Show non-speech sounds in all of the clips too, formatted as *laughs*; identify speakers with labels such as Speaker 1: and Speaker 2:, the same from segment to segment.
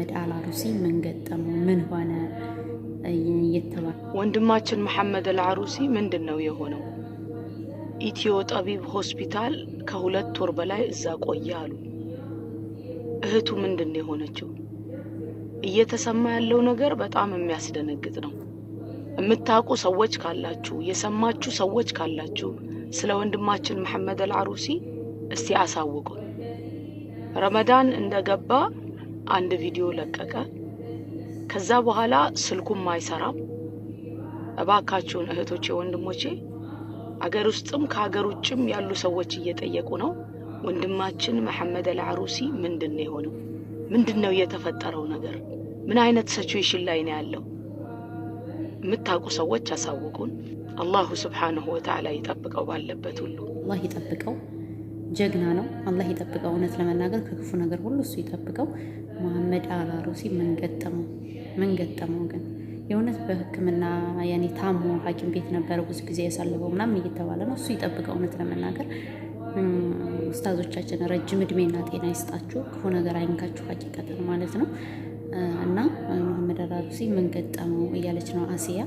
Speaker 1: መሐመድ አልአሩሲ ምን ገጠመው? ምን ሆነ? እየተባለ
Speaker 2: ወንድማችን መሐመድ አልአሩሲ ምንድን ነው የሆነው? ኢትዮ ጠቢብ ሆስፒታል ከሁለት ወር በላይ እዛ ቆየ አሉ። እህቱ ምንድን ነው የሆነችው? እየተሰማ ያለው ነገር በጣም የሚያስደነግጥ ነው። የምታውቁ ሰዎች ካላችሁ፣ የሰማችሁ ሰዎች ካላችሁ ስለ ወንድማችን መሐመድ አልአሩሲ እስቲ አሳውቁ። ረመዳን እንደገባ አንድ ቪዲዮ ለቀቀ። ከዛ በኋላ ስልኩም አይሰራም። እባካችሁን እህቶቼ፣ ወንድሞቼ አገር ውስጥም ከሀገር ውጭም ያሉ ሰዎች እየጠየቁ ነው። ወንድማችን መሐመድ አልዓሩሲ ምንድን ነው የሆነው? ምንድን ነው የተፈጠረው ነገር? ምን አይነት ሰቹዌሽን ላይ ነው ያለው? የምታውቁ ሰዎች አሳውቁን። አላሁ ስብሓንሁ ወተዓላ ይጠብቀው፣ ባለበት ሁሉ
Speaker 1: አላህ ይጠብቀው። ጀግና ነው። አላህ ይጠብቀው። እውነት ለመናገር ከክፉ ነገር ሁሉ እሱ ይጠብቀው። መሐመድ አራሮሲ ምን ገጠመው? ምን ገጠመው ግን የእውነት በሕክምና ያኔ ታሞ ሐኪም ቤት ነበረ ብዙ ጊዜ ያሳልፈው ምናምን እየተባለ ነው። እሱ ይጠብቀው። እውነት ለመናገር ኡስታዞቻችን ረጅም እድሜና ጤና ይስጣችሁ፣ ክፉ ነገር አይንካችሁ። ነው ማለት ነው እና መሐመድ አልአሩሲ ምን ገጠመው እያለች ነው አሲያ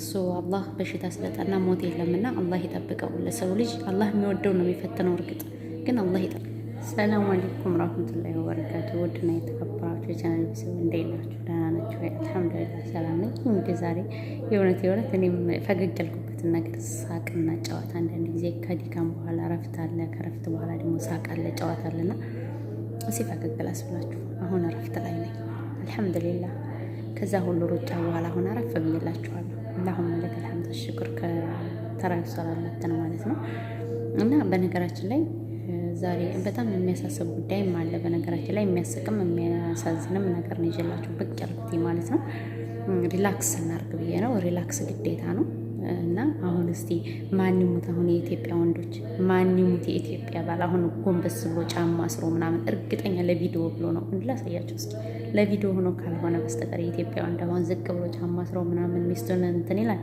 Speaker 1: እሱ አላህ በሽታ ስለጠና ሞት የለምና አላህ ይጠብቀው። ለሰው ልጅ አላህ የሚወደው ነው የሚፈትነው። እርግጥ ግን አላህ ይጠብቀው። ሰላም አለይኩም ራህመቱላሂ ወበረካቱ። ውድና የተከበራችሁ የቻናል ቤተሰብ እንዴት ናችሁ? ደህና ናችሁ? አልሐምዱሊላህ ሰላም ነኝ። እንግዲህ ዛሬ የእውነት የእውነት እኔም ፈገግ ያልኩበትን ነገር ሳቅና ጨዋታ፣ አንዳንድ ጊዜ ከድካም በኋላ እረፍት አለ፣ ከእረፍት በኋላ ደግሞ ሳቅ አለ፣ ጨዋታ አለና እስኪ ፈገግ ላስብላችሁ። አሁን እረፍት ላይ ነኝ አልሐምዱሊላህ። ከዛ ሁሉ ሩጫ በኋላ አሁን አረፍ ብዬላችኋለሁ። አላሁም ለከ ልሐምድ ሽኩር ከተራዊ ሰላላትን ማለት ነው እና በነገራችን ላይ ዛሬ በጣም የሚያሳስብ ጉዳይም አለ። በነገራችን ላይ የሚያስቅም የሚያሳዝንም ነገር ነው ይዤላችሁ ብቅ ያልኩት ማለት ነው። ሪላክስ እናርግ ብዬ ነው። ሪላክስ ግዴታ ነው እና አሁን እስቲ ማን ይሙት አሁን የኢትዮጵያ ወንዶች ማን ይሙት የኢትዮጵያ ባል አሁን ጎንበስ ብሎ ጫማ አስሮ ምናምን እርግጠኛ ለቪዲዮ ብሎ ነው ላሳያቸው እስኪ ለቪዲዮ ሆኖ ካልሆነ በስተቀር የኢትዮጵያ ወንድ አሁን ዝቅ ብሎ ጫማ አስሮ ምናምን ሚስቱን እንትን ይላል።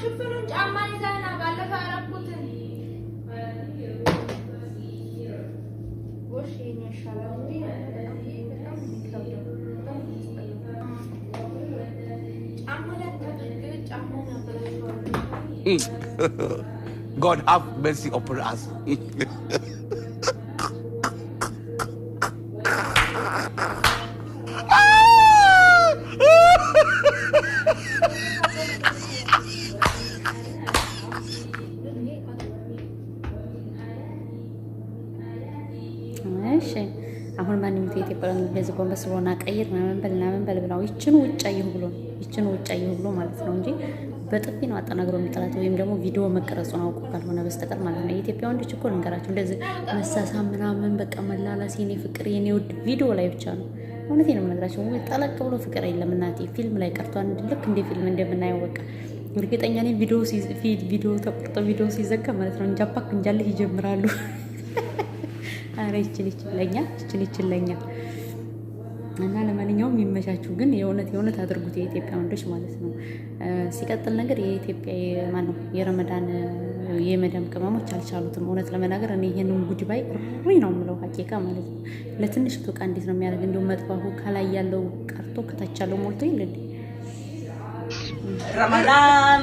Speaker 3: ሽፍኑን ጫማ ይዘህና ባለፈው ያረኩትን
Speaker 4: God have mercy upon us.
Speaker 1: ጎንበስ ብሎና ቀይር ምናምን በል ምናምን በል ብላ ይችን ውጭ አየሁ ብሎ ይችን ውጭ አየሁ ብሎ ማለት ነው እንጂ በጥፊ ነው አጠናግሮ የሚጠላት ወይም ደግሞ ቪዲዮ መቀረጹን አውቁ ካልሆነ በስተቀር ማለት ነው። የኢትዮጵያ ወንዶች እኮ ልንገራቸው እንደዚህ መሳሳ ምናምን በቃ መላላስ፣ የኔ ፍቅር፣ የኔ ውድ ቪዲዮ ላይ ብቻ ነው። እውነቴን ነው የምነግራቸው። ጠለቅ ብሎ ፍቅር የለም እናቴ። ፊልም ላይ ቀርቷን ልክ እንደ ፊልም እንደምናየው በቃ እርግጠኛ ነኝ ቪዲዮ ቪዲዮ ተቆርጦ ቪዲዮ ሲዘጋ ማለት ነው እንጃፓክ እንጃልህ ይጀምራሉ። *laughs* አረ ይችል ይችለኛ ይችል ይችለኛ እና ለማንኛውም የሚመቻችሁ ግን የእውነት የእውነት አድርጉት የኢትዮጵያ ወንዶች ማለት ነው። ሲቀጥል ነገር የኢትዮጵያ ማነው የረመዳን የመዳም ቅመሞች አልቻሉትም። እውነት ለመናገር እኔ ይሄንን ጉድ ባይ ሪ ነው የምለው ሀቂቃ ማለት ነው። ለትንሽ ቱቃ እንዴት ነው የሚያደርግ? እንዲሁም መጥባሁ ከላይ ያለው ቀርቶ ከታች ያለው ሞልቶ ይል።
Speaker 5: ረመዳን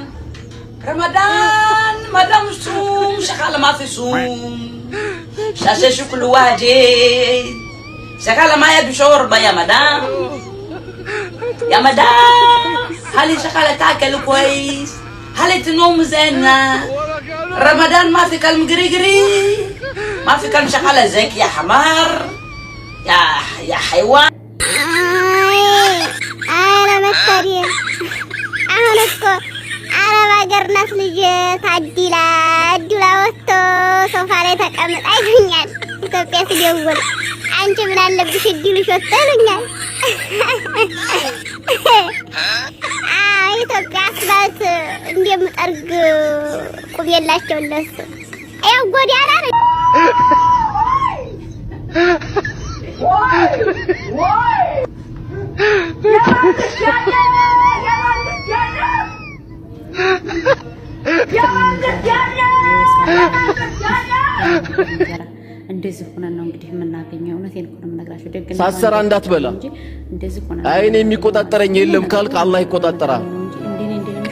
Speaker 5: ረመዳን መዳም ሱም ሸካለማት ሱም شغالة معايا بشوربة يا مدام يا مدام هل شغالة تاكل كويس هل تنوم زينا رمضان ما في كلم جري ما في كلم شغالة زيك يا حمار يا يا حيوان
Speaker 6: أنا مستريح أنا أذكر أنا بقر ناس عدي ታዲላ ዱላ ወጥቶ ሶፋ ላይ ተቀምጣ ይገኛል ኢትዮጵያ ስጀውል አንቺ ምን አለብሽ? እድልሽ ወጥቶልኛል። ኢትዮጵያ አስፋልት እንደምጠርግ ቁብ የላቸው እነሱ። ያው ጎዳና ነው።
Speaker 7: ወይ ወይ
Speaker 1: እንደዚህ ሆነን ነው እንግዲህ የምናገኘው። እውነቴን እኮ ነው የምነግራቸው። ደግ
Speaker 8: ሳሰራ እንዳትበላ አይኔ የሚቆጣጠረኝ የለም ካልክ አላህ ይቆጣጠራል።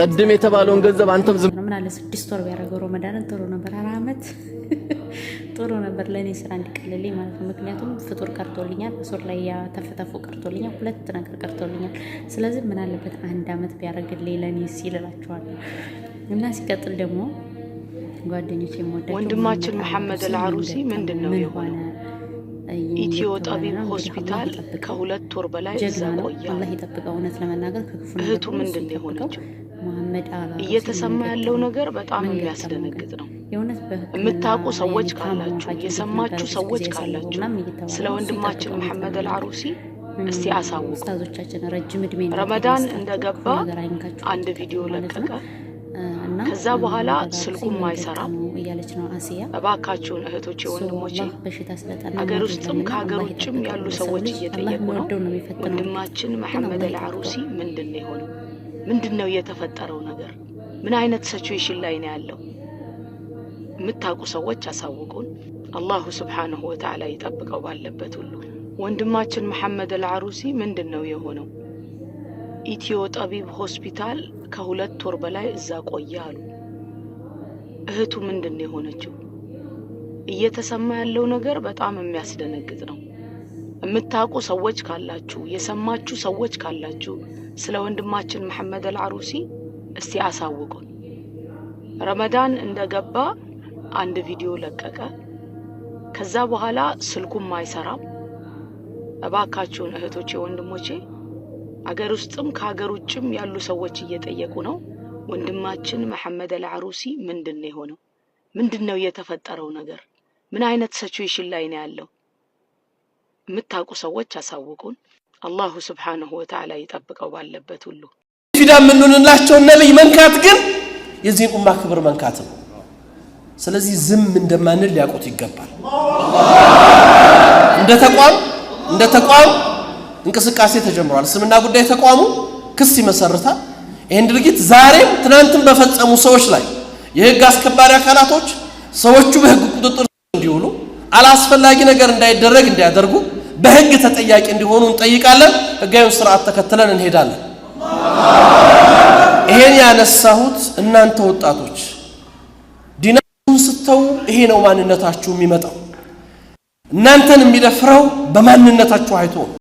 Speaker 8: ቅድም የተባለውን ገንዘብ አንተም
Speaker 1: ዝም ምን አለ ስድስት ወር ቢያደርገው ረመዳንን ጥሩ ነበር። ኧረ ዓመት *laughs* ጥሩ ነበር ለእኔ ስራ እንዲቀልልኝ ማለት ነው። ምክንያቱም ፍጡር ቀርቶልኛል፣ ሱር ላይ ያተፈተፉ ቀርቶልኛል፣ ሁለት ነገር ቀርቶልኛል። ስለዚህ ምን አለበት አንድ አመት ቢያደርግልኝ ለእኔ ሲል እና ሲቀጥል ደግሞ ጓደኞች የምወዳቸው
Speaker 2: ወንድማችን መሐመድ አልአሩሲ ምንድን ነው የሆነ? ኢትዮ ጠቢብ ሆስፒታል ከሁለት ወር በላይ እዛ ቆየ። አላህ ይጠብቀው። እውነት ለመናገር እህቱ ምንድን ነው የሆነችው? እየተሰማ ያለው ነገር በጣም የሚያስደነግጥ ነው። የምታውቁ ሰዎች ካላችሁ፣ የሰማችሁ ሰዎች ካላችሁ ስለ ወንድማችን መሐመድ አልአሩሲ እስቲ አሳውቁ። ረመዳን እንደገባ አንድ ቪዲዮ ለቀቀ። ነውና ከዛ በኋላ ስልኩም አይሰራም። እባካችሁን እህቶች ወንድሞቼ ሀገር ውስጥም ከሀገር ውጭም ያሉ ሰዎች እየጠየቁ ነው። ወንድማችን መሐመድ አልዓሩሲ ምንድን ነው ምንድን ነው የተፈጠረው ነገር? ምን አይነት ሰቹዌሽን ላይ ነው ያለው? የምታውቁ ሰዎች አሳውቁን። አላሁ ስብሓንሁ ወተዓላ ይጠብቀው ባለበት ሁሉ። ወንድማችን መሐመድ አልዓሩሲ ምንድን ነው የሆነው? ኢትዮ ጠቢብ ሆስፒታል ከሁለት ወር በላይ እዛ ቆየ አሉ። እህቱ ምንድን ነው የሆነችው? እየተሰማ ያለው ነገር በጣም የሚያስደነግጥ ነው። የምታውቁ ሰዎች ካላችሁ፣ የሰማችሁ ሰዎች ካላችሁ ስለ ወንድማችን መሐመድ አልዓሩሲ እስቲ አሳውቁን። ረመዳን እንደገባ አንድ ቪዲዮ ለቀቀ። ከዛ በኋላ ስልኩም አይሰራም። እባካችሁን እህቶቼ፣ ወንድሞቼ አገር ውስጥም ከሀገር ውጭም ያሉ ሰዎች እየጠየቁ ነው። ወንድማችን መሐመድ አልዓሩሲ ምንድን ነው የሆነው? ምንድን ነው የተፈጠረው ነገር? ምን አይነት ሰቹዌሽን ላይ ነው ያለው? የምታውቁ ሰዎች አሳውቁን። አላሁ ስብሓንሁ ወተዓላ ይጠብቀው ባለበት ሁሉ።
Speaker 9: ፊዳ የምንንላቸው ነቢይ መንካት ግን የዚህ ኡማ ክብር መንካት ነው። ስለዚህ ዝም እንደማንል ሊያውቁት ይገባል። እንደ ተቋም እንደ ተቋም እንቅስቃሴ ተጀምሯል። እስልምና ጉዳይ ተቋሙ ክስ ይመሰርታል። ይህን ድርጊት ዛሬም ትናንትም በፈጸሙ ሰዎች ላይ የህግ አስከባሪ አካላቶች ሰዎቹ በህግ ቁጥጥር እንዲውሉ አላስፈላጊ ነገር እንዳይደረግ እንዲያደርጉ በህግ ተጠያቂ እንዲሆኑ እንጠይቃለን። ህጋዊውን ስርዓት ተከትለን እንሄዳለን። ይሄን ያነሳሁት እናንተ ወጣቶች ዲናችሁን ስተው ይሄ ነው ማንነታችሁ የሚመጣው። እናንተን የሚደፍረው በማንነታችሁ አይቶ ነው።